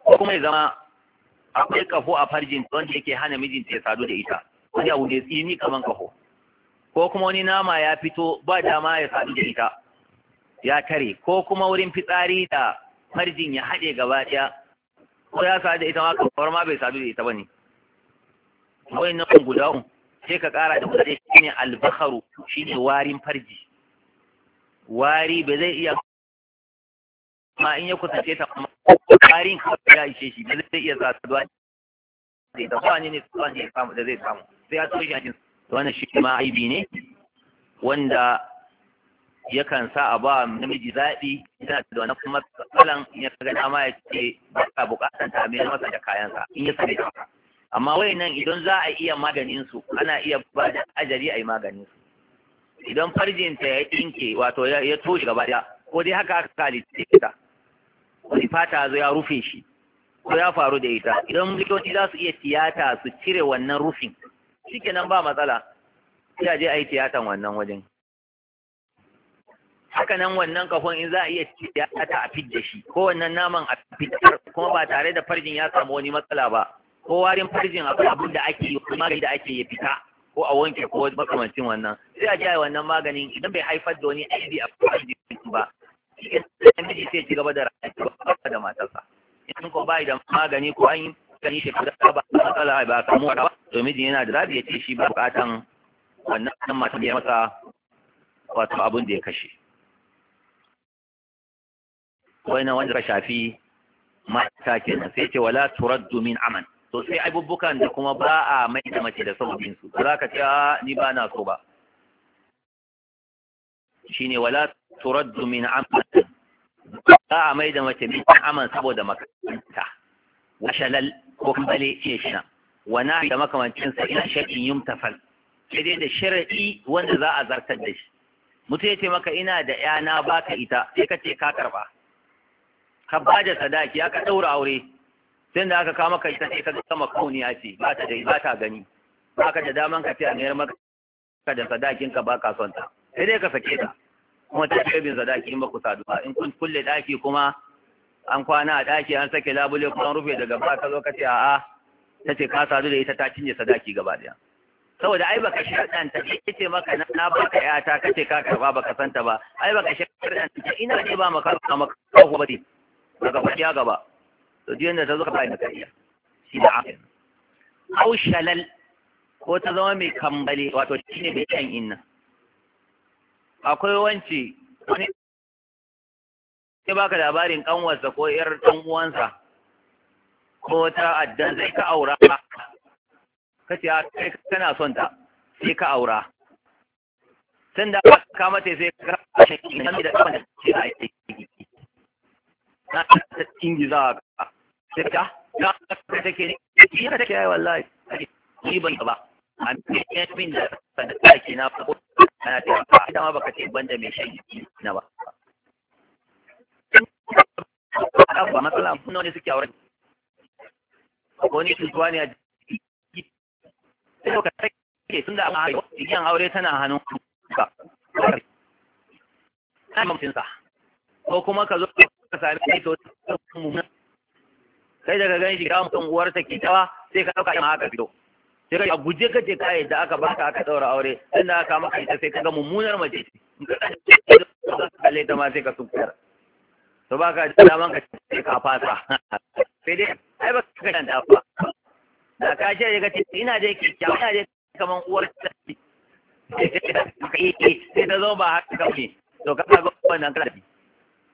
ko kuma ya zama akwai kafo a farjin wanda yake hana mijinta ya sadu da ita wani abu ne tsini kaman kafo ko kuma wani nama ya fito ba dama ya sadu da ita ya tare ko kuma wurin fitsari da farjin ya haɗe gaba ɗaya ko ya sa da ita ma kamar ma bai sadu da ita bane wai nan guda un sai ka kara da kudade shine albaharu shine warin farji wari ba zai iya ma in ya kusance ta warin ka ya ishe shi ba zai iya saduwa da ita ba ne ne tsuwa ne da zai samu sai ya toshe a cikin wannan shi ma aibi ne wanda yakan sa a ba namiji zaɓi yana da wani matsalan in ya ga dama ya ce ba ka buƙatar ta mai masa da kayansa in ya sani amma nan idan za a iya maganin su ana iya ba da ajali a yi maganin su idan farjin ta ya ɗinke wato ya toshe gaba ɗaya ko dai haka aka halitta ta wani fata zo ya rufe shi ko ya faru da ita idan likitoci za su iya tiyata su cire wannan rufin shikenan ba matsala sai a je a yi tiyatan wannan wajen haka nan wannan kahon in za a iya ci ya ta a fidda shi ko wannan naman a fitar kuma ba tare da farjin ya samu wani matsala ba ko warin farjin akwai abin da ake yi magani da ake ya fita ko a wanke ko makamancin wannan sai a jaya wannan maganin idan bai haifar da wani aibi a farjin ba shi miji sai ci gaba da rayuwa da matarsa in ko bai da magani ko an yi gani shi da ba matsala ba kamu ba to miji yana da rabi ya ce shi ba bukatan wannan matan ya masa wato abin da ya kashe wannan wanda ka shafi mata nan sai ce wala turaddu min aman to sai abubukan da kuma ba a mai da mace da sabobin su ba za ka ce ni ba na so ba shine wala turaddu min aman ba a mai da mace mai aman saboda makaranta wa shalal ko kambale ce shi wa na da makamancin sa ila shakin tafal sai dai da shari'i wanda za a zartar da shi mutum ya ce maka ina da yana baka ita sai ka ce ka karba ka ba da sadaki aka ɗaura aure sai da aka kama kai ita sai ka sama kauniya ce ba ta dai ba ta gani aka da daman ka ce a mayar maka da sadakin ka ba ka son ta sai dai ka sake ta kuma ta ce bin sadaki in ba ku sadu ba in kun kulle daki kuma an kwana a daki an sake labule kuma an rufe daga ba ka zo ka ce a'a ta ce ka sadu da ita ta cinye sadaki gaba daya saboda ai baka sharɗanta ta ce maka na baka yata kace ka karba baka santa ba ai baka ta ina ne ba maka maka ko ba daga faɗi ya gaba to duk yadda ta zo ba da kariya shi da amin au shalal ko ta zama mai kambale wato shine mai kyan inna akwai wance wani sai baka labarin kanwarsa ko yar dan uwansa ko ta addan sai ka aura kace a kai kana son ta sai ka aura tun da aka mata sai ka kashe da kuma da ce a yi ta ta tingiza sai ta ni ban ba a min da da na fa ana ta ba ita ma baka ce banda mai shan na ba ba matsala mun ne suke aure ko ni tuwa ne a sai ka take tunda amma yan aure tana hannun ka ko kuma ka zo ka sami kai to kai daga gan shi ga mutum uwarsa ke tawa sai ka dauka ma haka fito sai ka guje ka je ka yadda aka baka aka daura aure inda aka maka ita sai ka ga mummunar mace kalle ta ma sai ka sunkuyar to ba ka da daman ka sai ka fasa sai dai ai ba ka kanta ba da ka ce daga ce ina da yake kyawu ina da kaman uwar ta sai ta zo ba haka kawai to ka ga wannan kada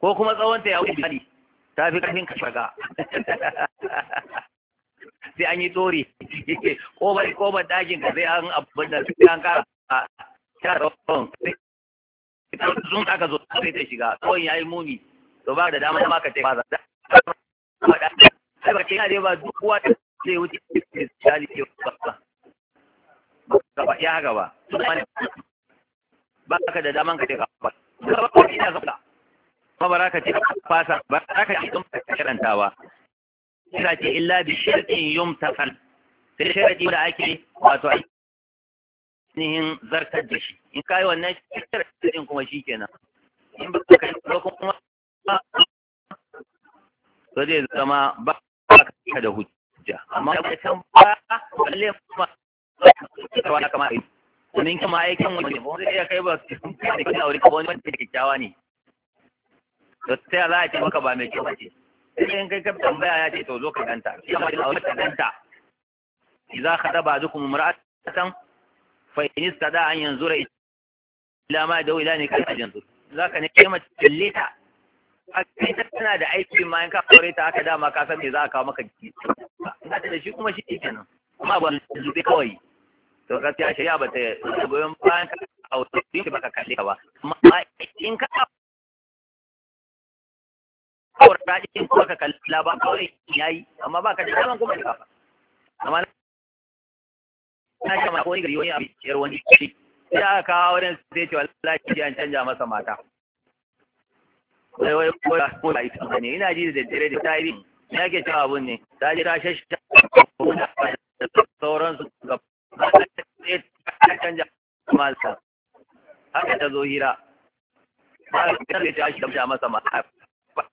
ko kuma tsawonta ya wuce ta fi ƙarfin kashaga sai an yi tsori Ko kobar dakin ka sai an abin da sai an kara a tarawon sai sun aka zo sai ta shiga tsawon ya yi muni to ba da dama ma ka ce ba za a sai ba ce yana ba duk wata sai wuce misali ke ba gaba ya gaba ba ka da daman ka ce gaba ba ko ba gaba kuma ba za ka ce a fasa ba za ka ce in ka karanta ba ce illa bi Ta yumtafal sai sharadi da ake wato ainihin zartar da shi in kai wannan sharadin kuma shi kenan in ba ka ba kuma to zai zama ba ka da hujja amma da can ba lalle ma wani kama aikin wani kuma aikin wani ba zai kai ba su kuma aure ka wani wanda kyakkyawa ne to sai za a ce maka ba mai kyau ce sai in kai ka tambaya ya ce to zo ka ganta shi ma da wata ganta idza khadaba ba'dukum imra'atan fa in istada an yanzura ila ma da ila ne kai yanzu zaka ne kema tilita a kai ta tana da aiki ma in ka aure ta aka dama ka san me za a kawo maka jiki ina da shi kuma shi kenan kuma ba zube kawai to gaskiya shari'a ba ta goyon bayan ka aure ba ka kalle ka ba amma in ka kawar ta radikin kuma ka kalla ba kawai ya yi amma ba ka da daman kuma ka ba amma na ce ma wani gari wani abu ciyar wani shi sai aka kawo wani sai ce wallahi ji an canja masa mata sai wai ko da ko da ita ne ina ji da dare da tayi ina ke cewa abun ne ta ji ta shashta sauransu ga ta canja masa haka ta zo hira ba ta ce ta shi masa mata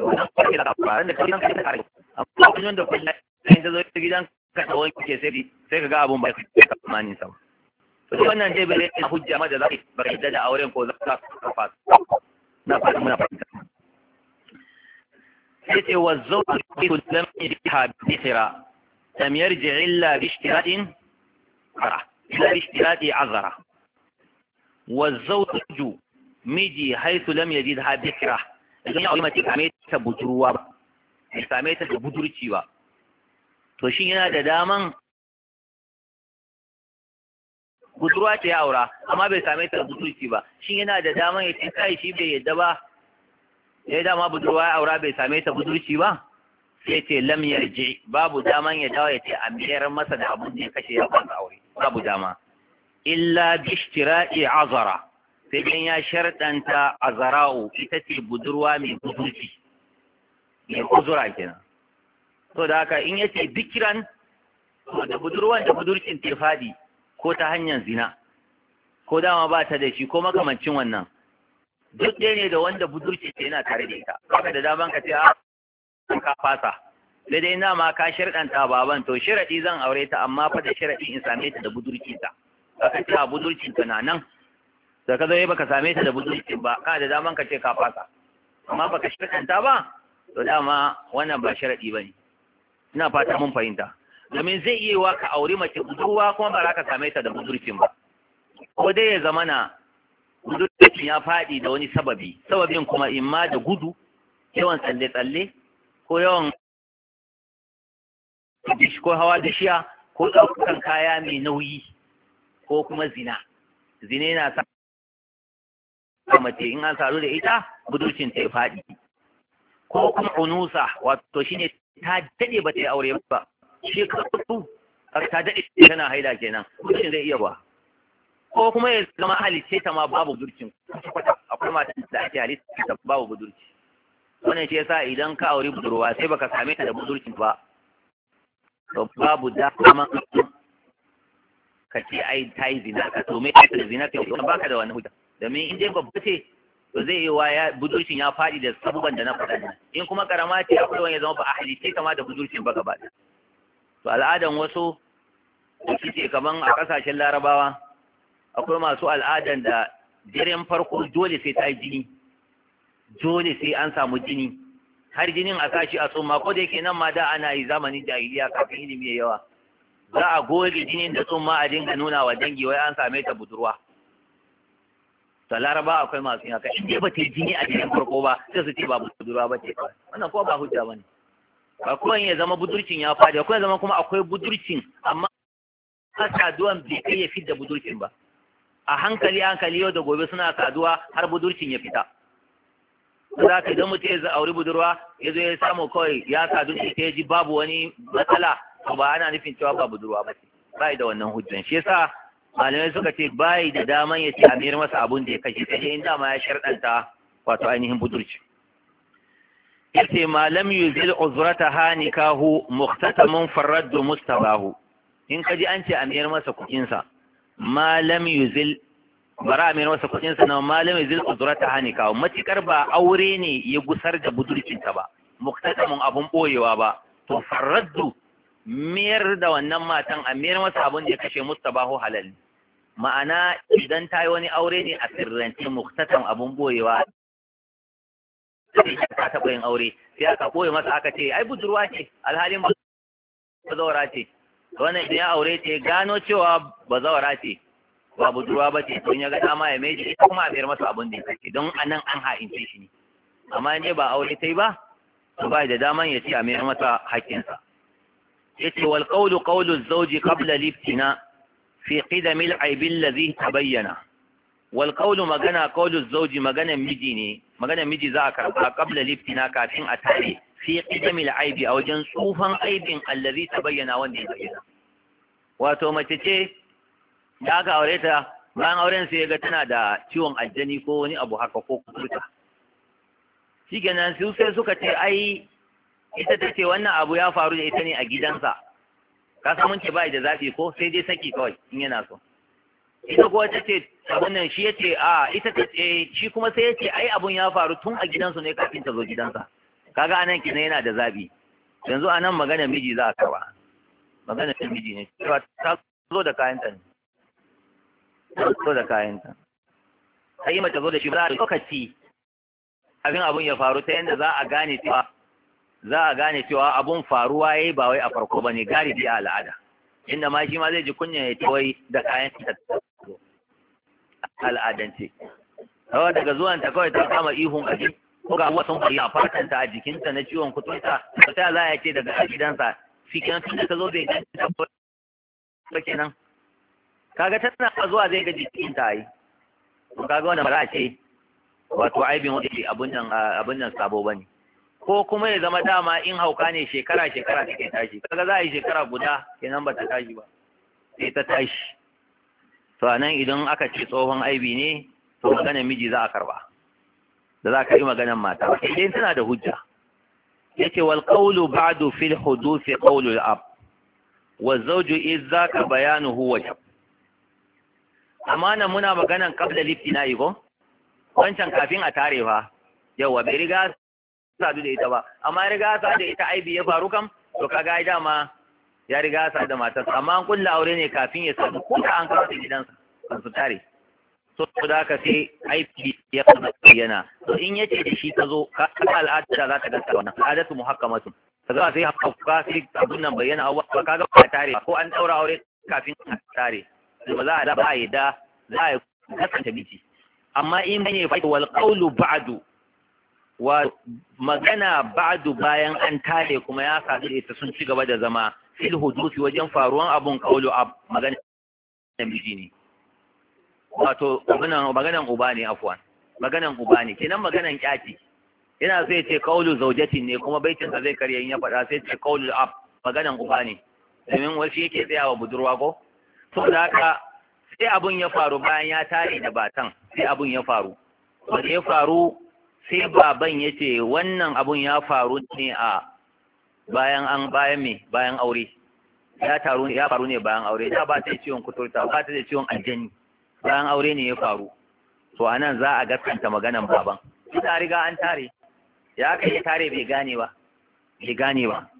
to wannan kwarfi da kafa da kai nan kai ta kare amma kullun da kullun sai ta zo gidan ka ta wanke sai sai ka ga abun bai ka tsammanin sa to wannan dai bai da hujja ma da za ba ka da auren ko za ka kafa na fara muna fahimta sai ce wa zawju kun lam yadha bi sira lam yarji illa bi ishtiratin illa bi ishtirati azara والزوج ميجي حيث لم يجدها بكره idan ya aure mace same ta budurwa ba bai same ta da budurci ba to shi yana da daman budurwa ce ya aura amma bai same ta da budurci ba shin yana da daman ya ce kai shi bai yadda ba ya dama budurwa ya aura bai same ta budurci ba sai ce lam yarji babu daman ya dawo ya ce a mayar masa da abun da ya kashe ya kwanta aure babu dama illa bi iya azara sai dai ya sharɗanta a zara'u ita ce budurwa mai budurci mai kuzura kenan to da haka in yace bikiran da budurwan da budurcin ta fadi ko ta hanyar zina ko dama ba ta da shi ko makamancin wannan duk ɗaya ne da wanda budurci ce yana tare da ita haka da daman ka ce a ah, ka fasa sai dai ma ka sharɗanta baban to sharaɗi zan aure ta amma fa da sharaɗi in same ta da budurcinta haka ce a ah, budurcinta na nan da ka zai eh, baka same ta da budurcin ba ka da daman ka ce ka fasa amma baka shirɗanta ba to dama wannan ba sharaɗi ba ne ina fata mun fahimta domin zai iya wa ka auri mace budurwa kuma ba za ka same ta da budurcin ba ko dai ya zamana budurcin ya faɗi da wani sababi sababin kuma imma da gudu yawan tsalle-tsalle ko yawan ko hawa da shiya ko ɗaukan kaya mai nauyi ko kuma zina zina yana sa a mace in an saru da ita budurcin ta ya faɗi ko kuma unusa wato shine ta daɗe ba ta yi aure ba shekaru ta daɗe tana haila kenan budurcin zai iya ba ko kuma ya zama halice ta ma babu budurcin kwata akwai mata da ake halice ta babu budurci wannan shi yasa idan ka aure budurwa sai baka same ta da budurcin ba to babu dama ka ce ai ta yi zina ka tome ta zina ta yi baka da wani hujja domin in dai babba ce to zai yi waya budurcin ya faɗi da sabuban da na faɗa in kuma karama ce akwai wani ya zama ba a halice kama da budurcin ba gaba to al'adan wasu da kamar kaman a ƙasashen larabawa akwai masu al'adan da jirin farko dole sai ta jini dole sai an samu jini har jinin a sashi a tsumma ko da yake nan ma da ana yi zamanin jahiliya kafin ilimi ya yawa za a goge jinin da tsumma a dinga nuna wa dangi wai an same ta budurwa to laraba akwai masu yin haka in dai ba ta jini a jikin farko ba sai su ce ba budurwa ba ce wannan kuma ba hujja ba ne ba kowane ya zama budurcin ya faɗi akwai zama kuma akwai budurcin amma a saduwan bai kai ya fidda budurcin ba a hankali hankali yau da gobe suna saduwa har budurcin ya fita za ka idan mutum ya auri budurwa ya zo ya samu kawai ya sadu shi ta ji babu wani matsala to ba ana nufin cewa ba budurwa ba ce ba da wannan hujjan shi yasa malamai suka ce bayi da daman ya ce a mayar masa abun da ya kashe sai in dama ya sharɗanta wato ainihin budurci ce malam yuzil uzrata hanikahu muhtatamun farraddu mustabahu in kaji an ce a mayar masa kuɗin malam yuzil bara a mayar masa kuɗin na malam yuzil hani kahu matikar ba aure ne ya gusar da budurcinta ba. ba mun abun ɓoyewa ba to farraddu mayar da wannan matan a mayar masa abin da ya kashe mustabahu halal ma'ana idan ta yi wani aure ne a sirrance muktatan Da boyewa ta taɓa yin aure sai aka boye masa aka ce ai budurwa ce alhalin bazawara ce wannan idan ya aure ce gano cewa bazawara ce ba budurwa ba ce Tun ya ga dama ya mai ita kuma a mayar masa abin da ya kashe don nan an ce shi ne amma ne ba aure ta yi ba to ba da daman ya ce a mayar masa haƙƙinsa yace wal qawlu qawlu qabla al-ibtina fi qidam al-ayb alladhi magana qawlu az-zawji miji ne magana miji za a karba qabla al kafin a tare fi qidam al-ayb a wajen tsofan aibin alladhi tabayyana wanda ya bayyana wato mace ce da aka aure ta bayan auren ya ga tana da ciwon aljani ko wani abu haka ko kuta shikenan su sai suka ce ai ita ta ce wannan abu ya faru da ita ne a gidansa ka san mun ce ba da zafi ko sai dai saki kawai in yana so ita kuwa ta ce wannan shi ya ce a ita ta ce shi kuma sai ya ce ai abun ya faru tun a gidansu ne kafin ta zo gidansa kaga anan kina yana da zafi yanzu anan magana miji za a kawa magana ta miji ne cewa ta zo da kayanta ne ta zo da kayanta yi mata zo da shi ba lokaci kafin abun ya faru ta yanda za a gane cewa za a gane cewa abun faruwa ya yi bawai a farko ba ne gari a al'ada inda ma shi ma zai ji kunya ya tawai da kayan ta al'adance kawai daga zuwan ta kawai ta kama ihun aji ko ga wasan kwari a ta a jikinta na ciwon kutunta ba ta za ya ce daga gidansa fi kenan tun da ta zo bai ta ba kenan kaga tana zuwa zai ga jikinta ai to kaga wannan ba za a ce wato aibin wani abun nan sabo ba ne? ko kuma ya zama dama in hauka ne shekara shekara take tashi kaga za a yi shekara guda kenan ba ta tashi ba sai ta tashi to nan idan aka ce tsohon aibi ne to maganar miji za a karba da za ka yi maganar mata idan tana da hujja yake wal qawlu ba'du fil hudus qawlu al-ab wa zawju idza ka bayanuhu wajib amana muna maganan qabla liftina ko wancan kafin a tare fa yawa bi riga sadu da ita ba amma riga sa da ita aibi ya faru kam to kaga ai dama ya riga sa da matar amma an kulla aure ne kafin ya sadu ko an kawo ta gidansa kan su tare so da ka sai aibi ya yana to in yace da shi ta zo ka al'ada za ta gasta wannan al'adatu muhakkamatu kaga sai haka sai abun nan bayyana ba kaga ba tare ko an daura aure kafin a tare ba za a da ba a yi da za a yi kasance biki amma in ne fa wal qawlu ba'du wa magana ba'du bayan an tare kuma ya sadu da ita sun ci gaba da zama fil hudusi wajen faruwan abun kaulu a magana da miji ne wato maganan uba ne afwan maganan uba ne kenan maganan kyaki yana so ya ce kaulu zaujati ne kuma baitinsa zai karya in ya faɗa sai ce kaulu ab maganan uba ne domin wasu yake tsayawa budurwa ko so da haka sai abun ya faru bayan ya tare da batan sai abun ya faru wanda ya faru sai baban ya ce wannan abun ya faru ne a bayan an bayan me bayan aure ya taru ya faru ne bayan aure da ba ta ciwon kuturta ba ta ciwon aljani bayan aure ne ya faru to anan za a gaskanta maganan baban ita riga an tare ya kai tare bai gane ba bai gane ba